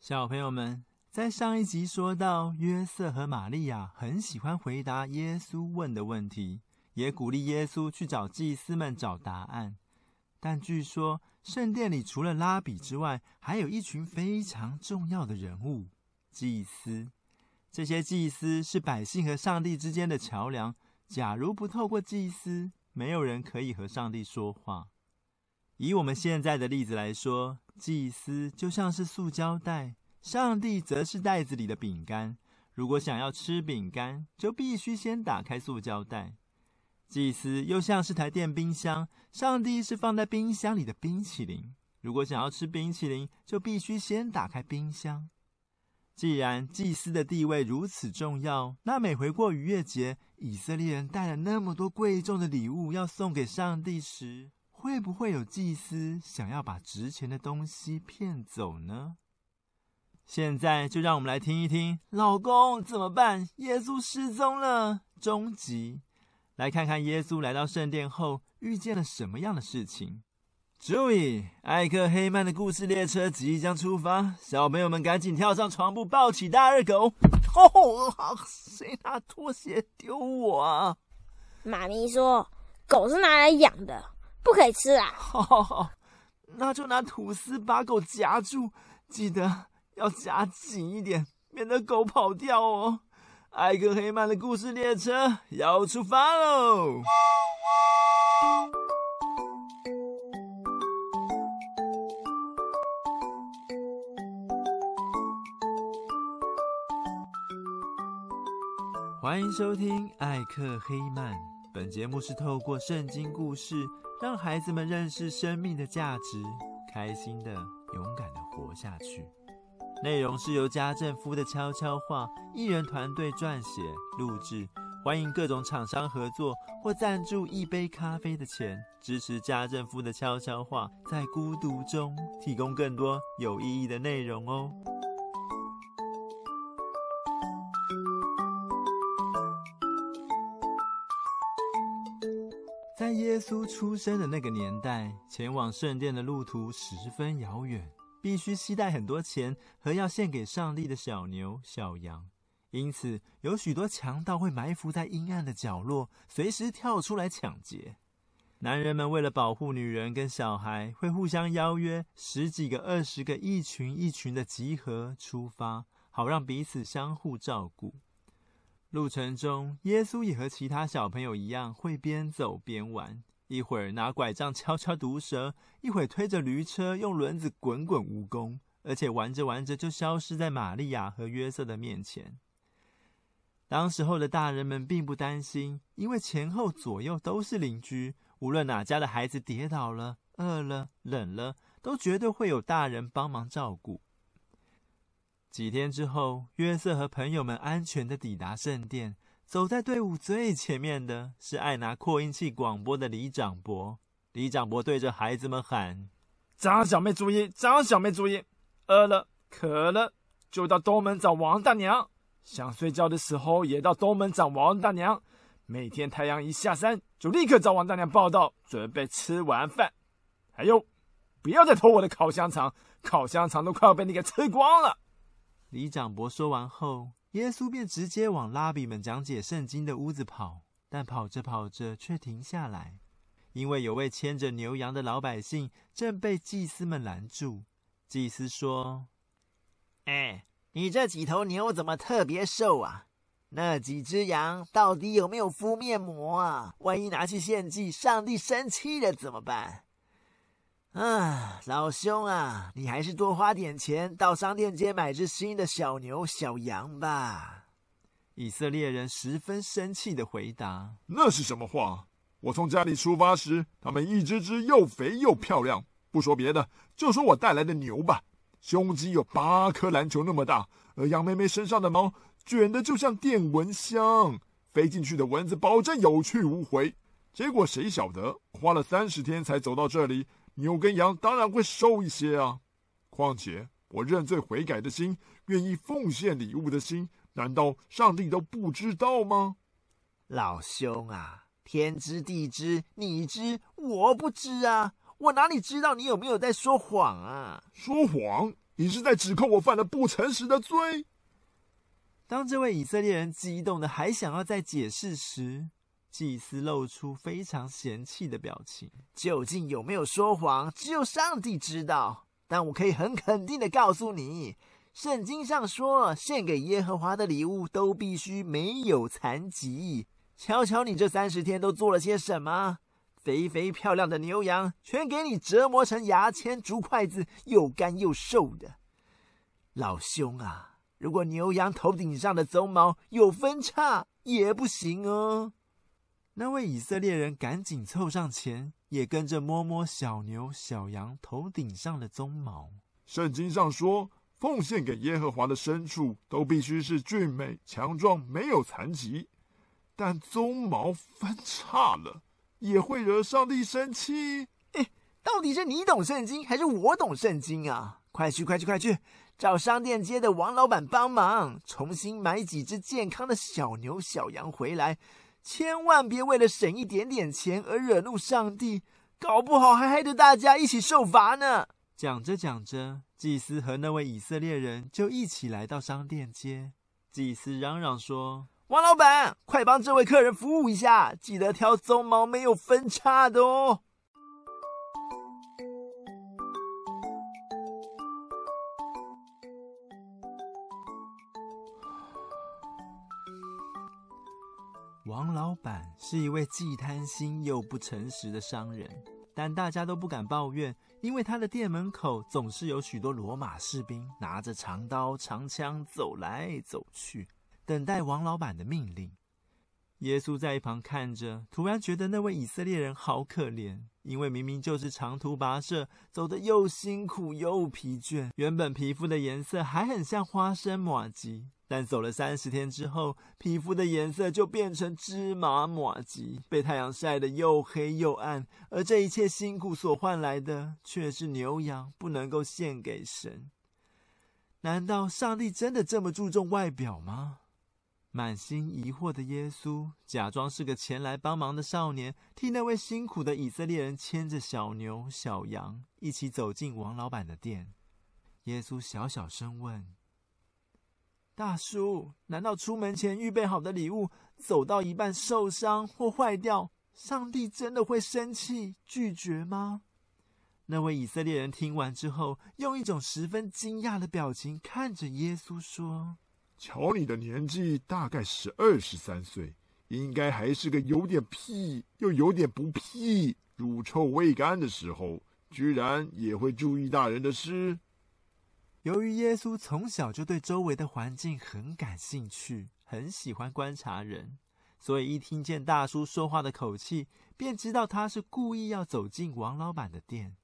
小朋友們，在上一集說到，約瑟和瑪利亞很喜歡回答耶穌問的問題，也鼓勵耶穌去找祭司們找答案。但據說，聖殿裡除了拉比之外，還有一群非常重要的人物——祭司。這些祭司是百姓和上帝之間的橋樑，假如不透過祭司，沒有人可以和上帝說話。以我們現在的例子來說，祭司就像是塑膠袋，上帝則是袋子裡的餅乾。如果想要吃餅乾，就必須先打開塑膠袋。祭司又像是台電冰箱，上帝是放在冰箱裡的冰淇淋。如果想要吃冰淇淋，就必須先打開冰箱。既然祭司的地位如此重要，那每回過逾越節，以色列人帶了那麼多貴重的禮物要送給上帝時，會不會有祭司想要把值錢的東西騙走呢？現在就讓我們來聽一聽，老公怎麼辦？耶穌失蹤了，中集，來看看耶穌來到聖殿後遇見了什麼樣的事情。注意，艾克黑曼的故事列車即將出發，小朋友們趕緊跳上床鋪，抱起大耳狗。吼、哦，誰拿拖鞋丟我？啊？媽咪說，狗是拿來養的。不可以吃啊！好，好，好，那就拿吐司把狗夾住，記得要夾緊一點，免得狗跑掉哦。艾克黑曼的故事列車要出發嘍！歡迎收聽艾克黑曼，本節目是透過聖經故事。讓孩子們認識生命的價值，開心的、勇敢的活下去。內容是由家政夫的悄悄話藝人團隊撰寫、錄製，歡迎各種廠商合作或贊助一杯咖啡的錢，支持家政夫的悄悄話在孤獨中提供更多有意義的內容哦。在耶穌出生的那個年代，前往聖殿的路途十分遙遠，必須攜帶很多錢和要獻給上帝的小牛、小羊。因此，有許多強盜會埋伏在陰暗的角落，隨時跳出來搶劫。男人們為了保護女人跟小孩，會互相邀約十幾個、二十個，一群一群的集合出發，好讓彼此相互照顧。路程中，耶穌也和其他小朋友一樣，會邊走邊玩，一會兒拿拐杖敲敲毒蛇，一會兒推着驢車用輪子滾滾蜈蚣，而且玩着玩着就消失在瑪利亞和約瑟的面前。當時候的大人們並不擔心，因為前後左右都是鄰居，無論哪家的孩子跌倒了、餓了、冷了，都絕對會有大人幫忙照顧。幾天之後，約瑟和朋友們安全地抵達聖殿。走在隊伍最前面的是愛拿擴音器廣播的里長伯。里長伯對着孩子們喊：“張小妹注意，張小妹注意，餓了、渴了就到東門找王大娘。想睡覺的時候也到東門找王大娘。每天太陽一下山就立刻找王大娘報到，準備吃晚飯。還有，不要再偷我的烤香腸，烤香腸都快要被你給吃光了。”李長伯說完後，耶穌便直接往拉比們講解聖經的屋子跑，但跑着跑着卻停下來，因為有位牽着牛羊的老百姓正被祭司們攔住。祭司說：“哎，你這幾頭牛怎麼特別瘦啊？那幾只羊到底有沒有敷面膜啊？萬一拿去獻祭，上帝生氣了怎麼辦？”啊，老兄啊，你還是多花點錢到商店街買隻新的小牛、小羊吧。以色列人十分生氣地回答：“那是什麼話？我從家裡出發時，他們一隻隻又肥又漂亮。不說別的，就說我帶來的牛吧，胸肌有八顆籃球那麼大，而羊妹妹身上的毛捲得就像電蚊香，飛進去的蚊子保證有去無回。結果誰曉得，花了三十天才走到這裡。”牛跟羊當然會瘦一些啊，況且我認罪悔改的心，願意奉獻禮物的心，難道上帝都不知道嗎？老兄啊，天知地知，你知，我不知啊！我哪裡知道你有沒有在說謊啊？說謊！你是在指控我犯了不誠實的罪。當這位以色列人激動的還想要再解釋時，祭司露出非常嫌棄的表情。究竟有沒有說謊，只有上帝知道。但我可以很肯定的告訴你，聖經上說，獻給耶和華的禮物都必須沒有殘疾。瞧瞧你這三十天都做了些什麼？肥肥漂亮的牛羊，全給你折磨成牙籤、竹筷子，又乾又瘦的。老兄啊，如果牛羊頭頂上的鬃毛有分叉，也不行哦啊。那位以色列人趕緊湊上前，也跟着摸摸小牛、小羊頭頂上的鬃毛。聖經上說，奉獻給耶和華的牲畜都必須是俊美、強壯、沒有殘疾。但鬃毛分叉了，也會惹上帝生氣。誒，到底是你懂聖經，還是我懂聖經啊？快去，快去，快去！找商店街的王老闆幫忙，重新買幾隻健康的小牛、小羊回來。千萬別為了省一點點錢而惹怒上帝，搞不好還害得大家一起受罰呢。講着講着，祭司和那位以色列人就一起來到商店街。祭司嚷嚷說：“王老闆，快幫這位客人服務一下，記得挑鬃毛沒有分叉的哦。”王老闆是一位既貪心又不誠實的商人，但大家都不敢抱怨，因為他的店門口總是有許多羅馬士兵拿着長刀長槍走來走去，等待王老闆的命令。耶穌在一旁看着，突然覺得那位以色列人好可憐，因為明明就是長途跋涉，走得又辛苦又疲倦，原本皮膚的顏色還很像花生麻吉。但走了三十天之後，皮膚的顏色就變成芝麻馬吉，被太陽曬得又黑又暗。而這一切辛苦所換來的，卻是牛羊不能夠獻給神。難道上帝真的這麼注重外表嗎？滿心疑惑的耶穌，假裝是個前來幫忙的少年，替那位辛苦的以色列人牽着小牛、小羊，一起走進王老板的店。耶穌小小聲問。大叔，難道出門前預備好的禮物走到一半受傷或壞掉，上帝真的會生氣拒絕嗎？那位以色列人聽完之後，用一種十分驚訝的表情看着耶穌說：“瞧你的年紀，大概十二十三歲，應該還是個有點屁又有點不屁、乳臭未乾的時候，居然也會注意大人的事。”由於耶穌從小就對周圍的環境很感興趣，很喜歡觀察人，所以一聽見大叔說話的口氣，便知道他是故意要走進王老板的店。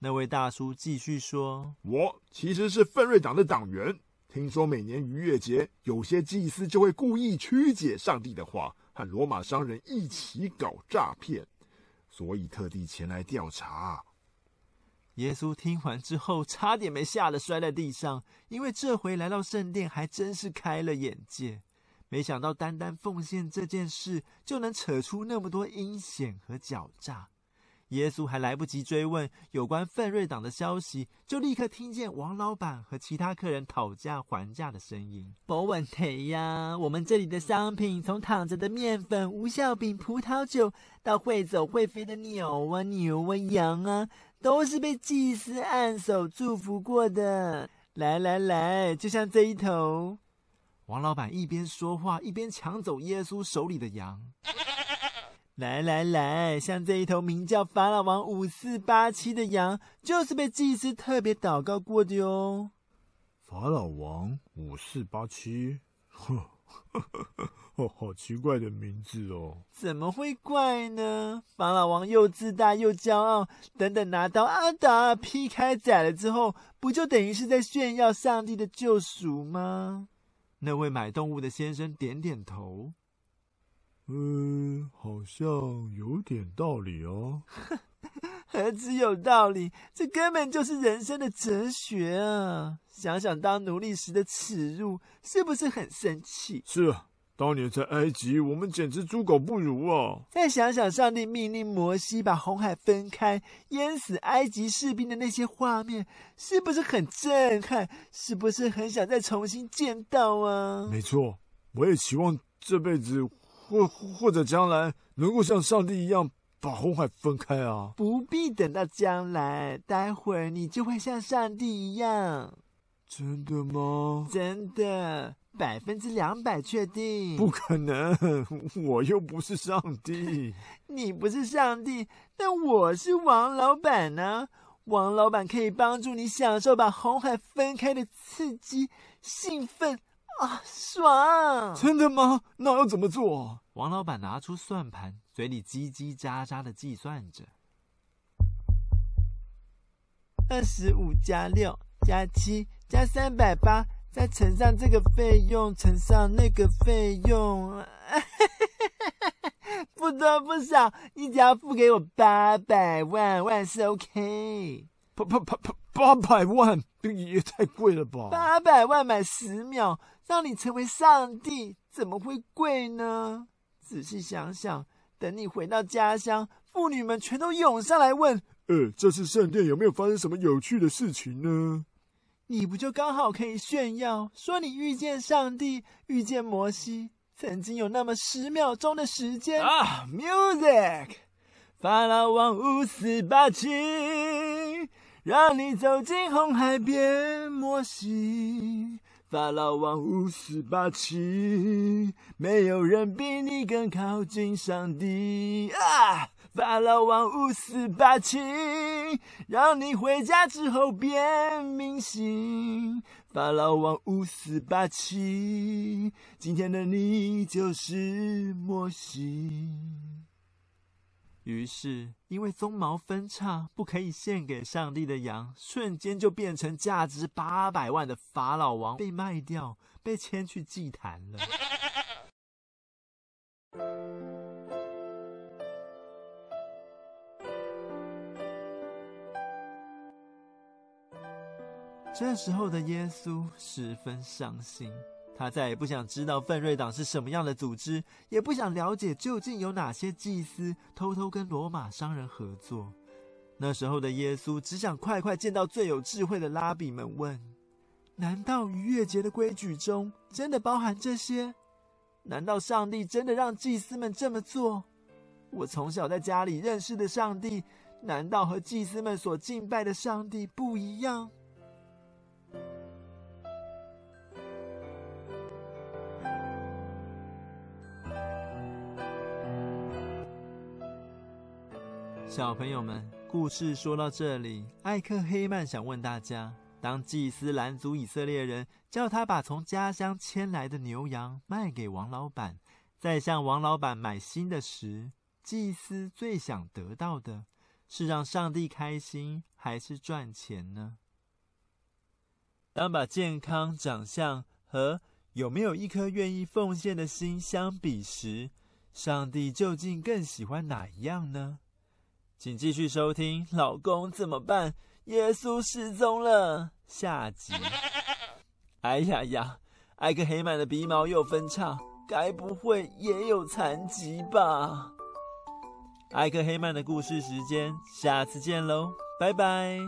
那位大叔繼續說：“我其實是奮銳黨的黨員，聽說每年逾越節，有些祭司就會故意曲解上帝的話，和羅馬商人一起搞詐騙，所以特地前來調查。”耶穌聽完之後，差點沒嚇得摔在地上，因為這回來到聖殿，還真是開了眼界。沒想到單單奉獻這件事，就能扯出那麼多陰險和狡詐。耶穌還來不及追問有關奮銳黨的消息，就立刻聽見王老板和其他客人討價還價的聲音：“博文提呀、啊，我們這裡的商品，從躺着的麵粉、無酵餅、葡萄酒，到會走會飛的鳥啊、牛啊、羊啊，都是被祭司按手祝福過的。來來來，就像這一頭。”王老板一邊說話，一邊搶走耶穌手裡的羊。來來來，像這一頭名叫法老王五四八七的羊，就是被祭司特別禱告過的喲、哦。法老王五四八七，呵，好奇怪的名字哦。怎麼會怪呢？法老王又自大又驕傲，等等，拿刀阿達劈開宰了之後，不就等於是在炫耀上帝的救贖嗎？那位買動物的先生點點頭。嗯，好像有點道理哦。何 止有道理，這根本就是人生的哲學啊！想想當奴隸時的恥辱，是不是很生氣？是啊，當年在埃及，我們簡直豬狗不如啊！再想想上帝命令摩西把紅海分開，淹死埃及士兵的那些畫面，是不是很震撼？是不是很想再重新見到啊？沒錯，我也希望這輩子。或或者將來能夠像上帝一樣把紅海分開啊！不必等到將來，待會兒你就會像上帝一樣。真的嗎？真的，百分之兩百確定。不可能，我又不是上帝。 你不是上帝，但我是王老闆呢、啊。王老闆可以幫助你享受把紅海分開的刺激、興奮。啊，爽！真的嗎？那要怎麼做？王老板拿出算盤，嘴裡嘰嘰喳喳地計算着：二十五加六加七加三百八，再乘上這個費用，乘上那個費用， 不多不少，你只要付給我八百萬，萬事 OK。八八八八八百萬也，也太貴了吧！八百萬買十秒，讓你成為上帝，怎麼會貴呢？仔細想想，等你回到家鄉，婦女們全都湧上來問：“呃，這次聖殿有沒有發生什麼有趣的事情呢？”你不就剛好可以炫耀，說你遇見上帝，遇見摩西，曾經有那麼十秒鐘的時間啊，ah！Music，法老王五四八七。讓你走進紅海變摩西，法老王無視霸氣，沒有人比你更靠近上帝啊！法老王無視霸氣，讓你回家之後變明星，法老王無視霸氣，今天的你就是摩西。於是，因為鬃毛分叉，不可以獻給上帝的羊，瞬間就變成價值八百萬的法老王，被賣掉，被牽去祭壇了。 這時候的耶穌十分傷心。他再也不想知道奮銳黨是什麼樣的組織，也不想了解究竟有哪些祭司偷偷跟羅馬商人合作。那時候的耶穌只想快快見到最有智慧的拉比們，問：難道逾越節的規矩中真的包含這些？難道上帝真的讓祭司們這麼做？我從小在家裡認識的上帝，難道和祭司們所敬拜的上帝不一樣？小朋友們，故事說到這裡，艾克黑曼想問大家，當祭司攔阻以色列人，叫他把從家鄉牽來的牛羊賣給王老板，再向王老板買新的時，祭司最想得到的是讓上帝開心，還是賺錢呢？當把健康、長相和有沒有一顆願意奉獻的心相比時，上帝究竟更喜歡哪一樣呢？請繼續收聽《老公怎麼辦》，耶穌失蹤了，下集。哎呀呀，艾克黑曼的鼻毛又分叉，該不會也有殘疾吧？艾克黑曼的故事時間，下次見嘍，拜拜。